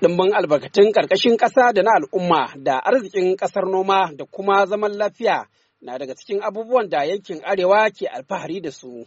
Ɗimbin albarkatun ƙarƙashin ƙasa da na al'umma da arzikin ƙasar noma da kuma zaman lafiya na daga cikin abubuwan da yankin Arewa ke alfahari da su.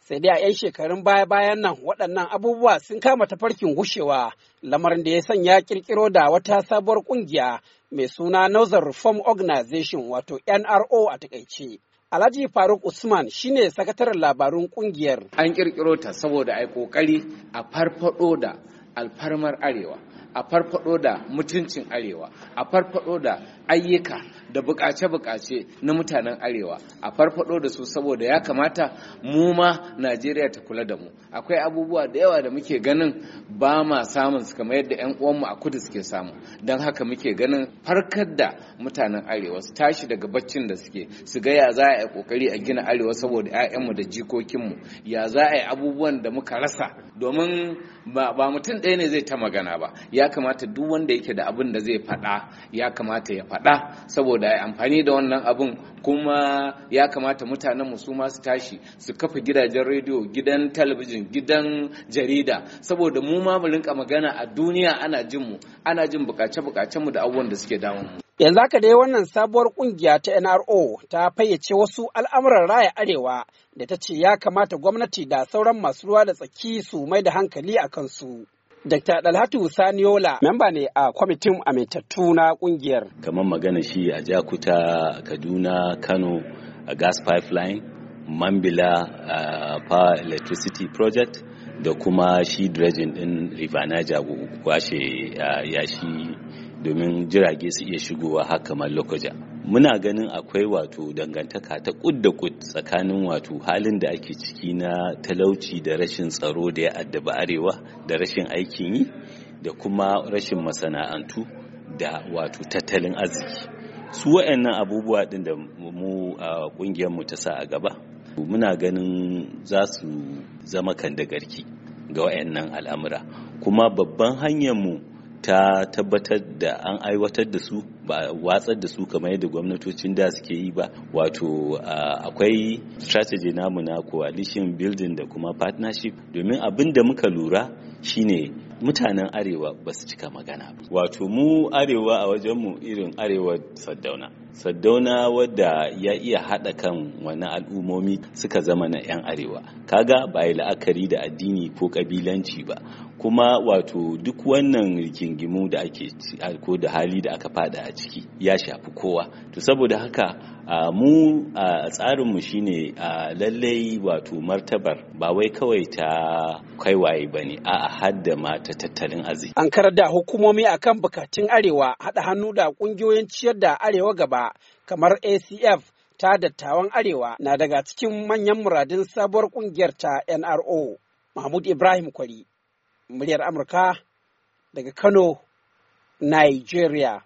Sai dai a 'yan shekarun baya-bayan nan waɗannan abubuwa sun kama tafarkin gushewa lamarin da ya sanya ƙirƙiro da wata sabuwar ƙungiya mai suna Northern Reform Organization wato NRO a takaice. Alhaji Faruk Usman shine sakataren labarun ƙungiyar. An ƙirƙiro ta saboda a yi ƙoƙari a farfaɗo da alfarmar Arewa. a farfado da mutuncin arewa a farfado da ayyuka da bukace-bukace na mutanen arewa a farfado da su saboda ya kamata mu ma najeriya ta kula da mu akwai abubuwa da yawa da muke ganin ba ma samun su kamar yadda 'yan uwanmu a kudu suke samu don haka muke ganin farkar da mutanen arewa su tashi daga baccin da suke su ga ya za a yi kokari a gina arewa saboda 'ya'yanmu da jikokinmu ya za a yi abubuwan da muka rasa domin ba mutum ɗaya ne zai ta magana ba ya kamata duk wanda yake da abin da zai faɗa ya kamata ya faɗa saboda ya amfani da wannan abin kuma ya kamata mutanen su masu su tashi su kafa gidajen rediyo gidan talabijin gidan jarida saboda mu ma mu rinka magana a duniya ana jin mu ana jin bukace bukacen mu da abubuwan da suke damun mu Yanzu haka dai wannan sabuwar kungiya ta NRO ta fayyace wasu al'amuran raya arewa da ta ce ya kamata gwamnati da sauran masu ruwa da tsaki su mai da hankali a kansu. Dr. Dalhatu Saniola memba ne a kwamitin amintattu na kungiyar. Kamar magana shi a Jakuta, Kaduna, Kano, a gas pipeline, Mambila a power electricity project da kuma shi dredging din River Niger washe yashi domin jirage su iya shigowa haka kamar lokaja muna ganin akwai wato dangantaka ta kud da kud tsakanin wato halin da ake ciki na talauci da rashin tsaro da ya addaba arewa da rashin aikin yi da kuma rashin masana'antu da wato tattalin arziki su wayannan abubuwa ɗin da mu a mu ta sa a gaba muna ganin za su zama kan da garki ga wayannan al'amura kuma babban mu ta tabbatar da an aiwatar da su ba watsar da su kamar yadda gwamnatocin da suke yi ba wato akwai strategy namu na coalition building da kuma partnership domin abin da muka lura shine mutanen arewa ba su cika magana ba wato mu arewa a wajenmu irin arewa saddauna Saddauna wadda ya iya haɗa kan wani al'ummomi suka zama na 'yan arewa kaga ba yi la'akari da addini ko ƙabilanci ba kuma wato duk wannan rigingimu da ake ko da hali da aka fada a ciki ya shafi kowa to saboda haka mu a tsarinmu shine lallai wato martabar ba wai kawai ta kaiwaye ba ne a hadda mata tattalin arziki. An karar da hukumomi a kan bukatun Arewa haɗa hannu da ƙungiyoyin ciyar da Arewa gaba kamar ACF ta dattawan Arewa na daga cikin manyan muradin sabuwar ƙungiyar ta NRO. Mahmud Ibrahim Kwari, muryar Amurka daga Kano, Nigeria.